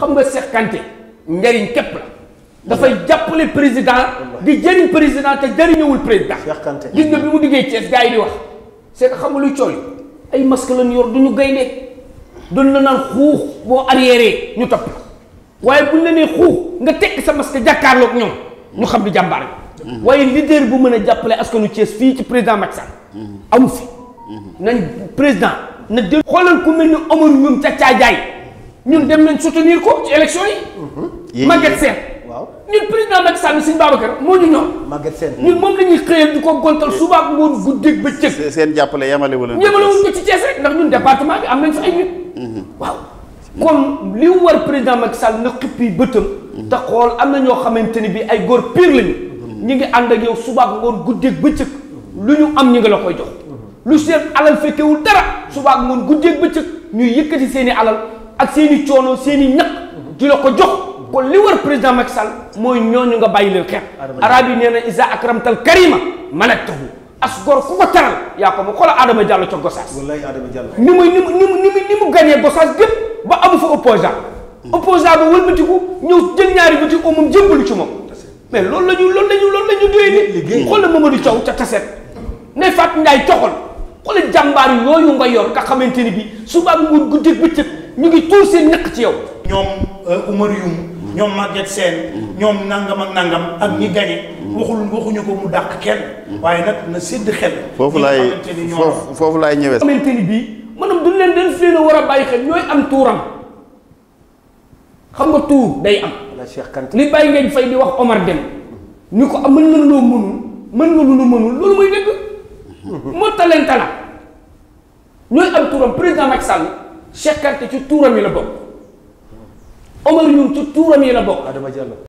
xam nga Cheikh Kanté njariñ képp la dafay jàppale président di jëriñ président te jëriñewul président gis nga bi mu diggee Thiès gars yi di wax c'est que xam nga luy cooy ay masque lañ yor du ñu gaynde doon la naan xuux boo arriéré ñu topp waaye buñ la nee xuux nga tekki sa masque jàkkaarlook ñoom ñu xam di jàmbaar bi waaye leader bu mën a jàppale askanu Thiès fii ci président Macky sax amu fi nañ président na jël xoolal ku mel ni Omar ñoom ca caajaay ñun dem nañ soutenir ko ci élection yi. Mm-hmm. Maguette Sène. waaw ñun président Macky Sall suñu Babacar moo ñu ñor. Maguette Sène ñun moom la ñuy xëyal di ko gontal suba ak ngoon guddeeg bëccëg. seen jàppale yemale wala. yemale wuñ ko ci Thiès rek ndax ñun département bi am nañ fa ay nit. Mm-hmm. waaw kon li war président Macky Sall na xippi bëtam. Mm-hmm. xool am na ñoo xamante ni bi ay góor pire lañu. ñu ngi ànd ak yow suba ak ngoon guddeeg bëccëg lu ñu am ñu ngi la koy jox. lu seen alal fekkewul dara suba ak ngoon guddeeg bëccëg ñuy yëkkati seeni alal ak seeni i coono seen i ñaq ko jox kon li war président Macky Sall mooy ñooñu nga bàyyi leen xeet arab yi nee na isa akramtal karima malaktahu as gor ku ko taral yaa ko ma xoola Adama Diallo ca Gossas wallaay Adama Diallo ni muy ni mu ni mu ni mu ni mu gagné Gossas gépp ba amu fa ko mm. opposant ba wëlbatiku ñëw jël ñaari buti amum jébbalu ci moom mais loolu la ñu loolu la ñu loolu la ñu doyee ni xool na Mamadou Thiaw ca taset ne Fatou Ndiaye coxol jàmbaar yooyu nga yor nga xamante ni bi suba ngoon guddeeg bëccëg ñu ngi tuur seen ñaq ci yow. ñoom euh, Umar Youm ñoom Maguette Sène ñoom nangam ak nangam ak ñi gañe waxul waxuñu ko mu dàq kenn waaye nag na sédd xel foofu lay foofu laay ñëwee xamante ni bii maanaam du leen den war a bàyyi xel ñooy am tuuram nga tuur day am li bàyyi ngeen fay di wax Omar Dem ni ko ah, mën nga loo mënul mën nga lu nu mënul loolu mooy dëgg moo talenta la ñooy am turam président Macky Sall Cheikh Kanté ci tuuram yi la bokk Omar Youm ci tuuram yi la bokk. Adama Diallo